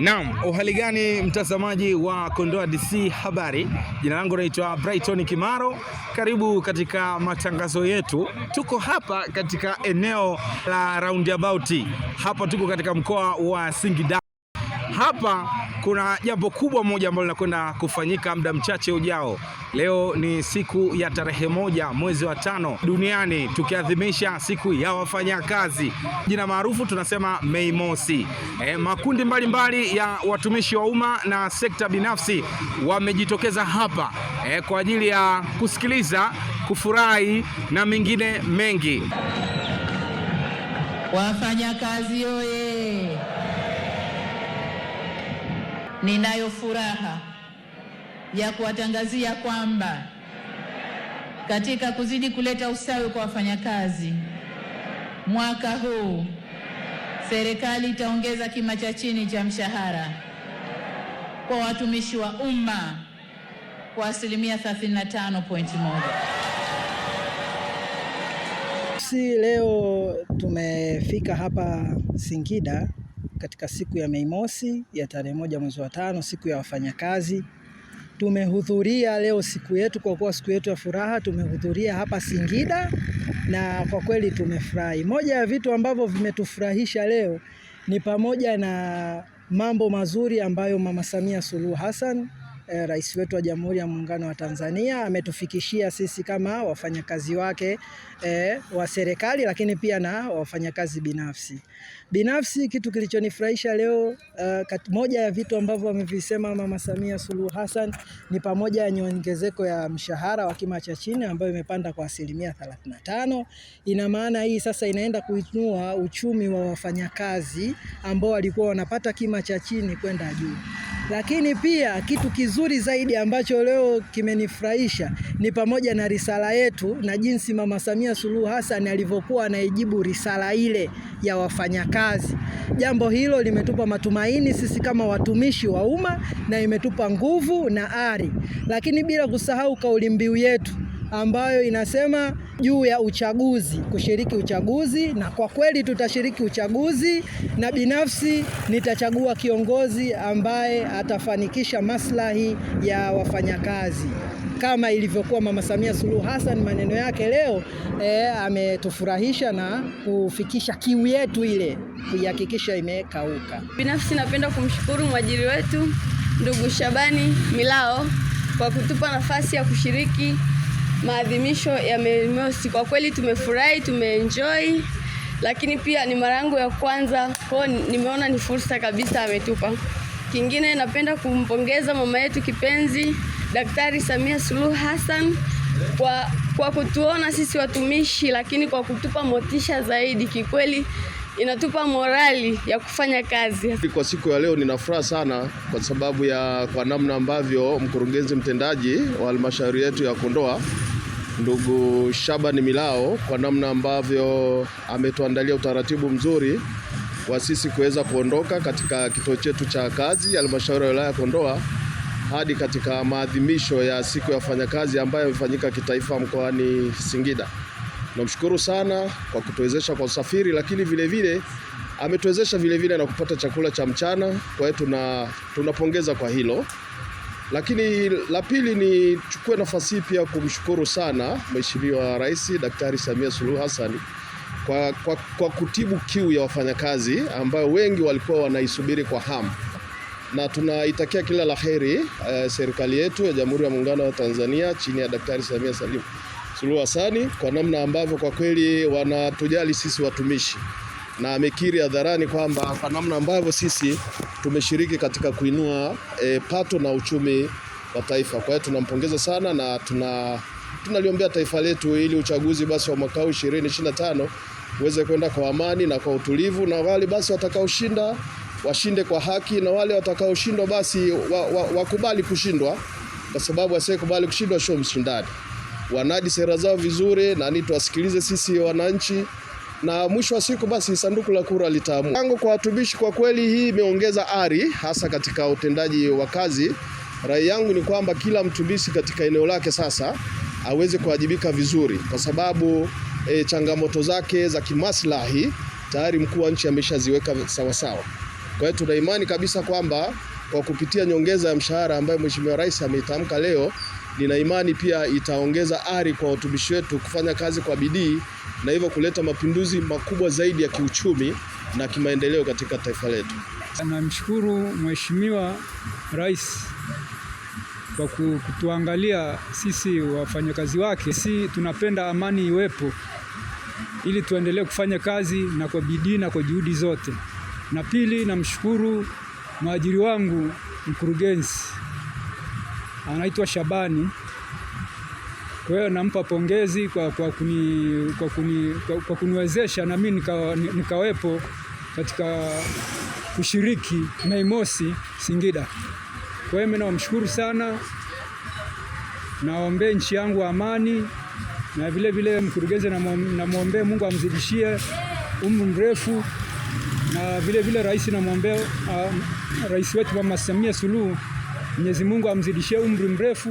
Naam, uhali gani mtazamaji wa Kondoa DC habari. Jina langu naitwa Brighton Kimaro. Karibu katika matangazo yetu. Tuko hapa katika eneo la Roundabout. Hapa tuko katika mkoa wa Singida. Hapa kuna jambo kubwa moja ambalo linakwenda kufanyika muda mchache ujao. Leo ni siku ya tarehe moja mwezi wa tano duniani tukiadhimisha siku ya wafanyakazi, jina maarufu tunasema Mei Mosi. E, makundi mbalimbali mbali ya watumishi wa umma na sekta binafsi wamejitokeza hapa e, kwa ajili ya kusikiliza, kufurahi na mengine mengi. Wafanyakazi oye! Ninayo furaha ya kuwatangazia kwamba katika kuzidi kuleta ustawi kwa wafanyakazi, mwaka huu serikali itaongeza kima cha chini cha mshahara kwa watumishi wa umma kwa asilimia 35.1. Si leo tumefika hapa Singida katika siku ya Mei Mosi ya tarehe moja mwezi wa tano, siku ya wafanyakazi. Tumehudhuria leo siku yetu, kwa kuwa siku yetu ya furaha, tumehudhuria hapa Singida na kwa kweli tumefurahi. Moja ya vitu ambavyo vimetufurahisha leo ni pamoja na mambo mazuri ambayo Mama Samia Suluhu Hassan eh, rais wetu wa Jamhuri ya Muungano wa Tanzania ametufikishia sisi kama wafanyakazi wake eh, wa serikali, lakini pia na wafanyakazi binafsi. Binafsi, kitu kilichonifurahisha leo uh, moja ya vitu ambavyo amevisema Mama Samia Suluhu Hassan ni pamoja na nyongezeko ya mshahara wa kima cha chini ambayo imepanda kwa asilimia 35. Ina maana hii sasa inaenda kuinua uchumi wa wafanyakazi ambao walikuwa wanapata kima cha chini kwenda juu. Lakini pia kitu kizuri zaidi ambacho leo kimenifurahisha ni pamoja na risala yetu na jinsi Mama Samia Suluhu Hassan alivyokuwa anaijibu risala ile ya wafanyakazi. Jambo hilo limetupa matumaini sisi kama watumishi wa umma na imetupa nguvu na ari, lakini bila kusahau kauli mbiu yetu ambayo inasema juu ya uchaguzi, kushiriki uchaguzi, na kwa kweli tutashiriki uchaguzi, na binafsi nitachagua kiongozi ambaye atafanikisha maslahi ya wafanyakazi kama ilivyokuwa Mama Samia Suluhu Hassan. Maneno yake leo e, ametufurahisha na kufikisha kiu yetu ile kuihakikisha imekauka. Binafsi napenda kumshukuru mwajiri wetu ndugu Shabani Milao kwa kutupa nafasi ya kushiriki maadhimisho ya Merimosi. Kwa kweli tumefurahi, tumeenjoy, lakini pia ni mara yangu ya kwanza kwao, nimeona ni fursa kabisa ametupa. Kingine napenda kumpongeza mama yetu kipenzi Daktari Samia Suluhu Hassan kwa, kwa kutuona sisi watumishi, lakini kwa kutupa motisha zaidi. Kikweli inatupa morali ya kufanya kazi. Kwa siku ya leo nina furaha sana kwa sababu ya kwa namna ambavyo mkurugenzi mtendaji wa halmashauri yetu ya Kondoa ndugu Shaban Milao kwa namna ambavyo ametuandalia utaratibu mzuri wa sisi kuweza kuondoka katika kituo chetu cha kazi halmashauri ya wilaya ya Kondoa hadi katika maadhimisho ya siku ya wafanyakazi ambayo yamefanyika kitaifa mkoani Singida. Namshukuru sana kwa kutuwezesha kwa usafiri, lakini vilevile ametuwezesha vilevile na kupata chakula cha mchana. Kwa hiyo tuna tunapongeza kwa hilo. Lakini la pili, nichukue nafasi hii pia kumshukuru sana Mheshimiwa Rais Daktari Samia Suluhu Hassan kwa, kwa, kwa kutibu kiu ya wafanyakazi ambayo wengi walikuwa wanaisubiri kwa hamu, na tunaitakia kila la heri eh, serikali yetu ya Jamhuri ya Muungano wa Tanzania chini ya Daktari Samia Suluhu Hassan kwa namna ambavyo kwa kweli wanatujali sisi watumishi na amekiri hadharani kwamba kwa namna ambavyo sisi tumeshiriki katika kuinua e, pato na uchumi wa taifa. Kwa hiyo tunampongeza sana na tuna tunaliombea taifa letu ili uchaguzi basi wa mwaka huu 2025 uweze kwenda kwa amani na kwa utulivu, na wale basi watakaoshinda washinde kwa haki, na wale watakaoshindwa basi wa, wa, wakubali kushindwa, kwa sababu asiyekubali kushindwa sio mshindani. Wanadi sera zao vizuri, nani tuwasikilize sisi wananchi na mwisho wa siku basi sanduku la kura litaamua. Tangu kwa watumishi, kwa kweli hii imeongeza ari hasa katika utendaji wa kazi. Rai yangu ni kwamba kila mtumishi katika eneo lake sasa aweze kuwajibika vizuri, kwa sababu e, changamoto zake za kimaslahi tayari mkuu wa nchi ameshaziweka sawasawa. Kwa hiyo tuna imani kabisa kwamba kwa kupitia nyongeza ya mshahara ambayo Mheshimiwa Rais ameitamka leo nina imani pia itaongeza ari kwa watumishi wetu kufanya kazi kwa bidii na hivyo kuleta mapinduzi makubwa zaidi ya kiuchumi na kimaendeleo katika taifa letu. Namshukuru Mheshimiwa Rais kwa kutuangalia sisi wafanyakazi wake. Si tunapenda amani iwepo ili tuendelee kufanya kazi na kwa bidii na kwa juhudi zote. Na pili, namshukuru mwajiri wangu mkurugenzi anaitwa Shabani. Kwa hiyo nampa pongezi kwa, kwa, kuni, kwa, kuni, kwa, kwa kuniwezesha na mimi nika, nikawepo katika kushiriki Mei Mosi Singida. Kwa hiyo mimi namshukuru sana, naombee nchi yangu amani, na vile vile mkurugenzi namwombee Mungu amzidishie umri mrefu, na vile vile rais namwombea uh, rais wetu Mama Samia Suluhu Mwenyezi Mungu amzidishie umri mrefu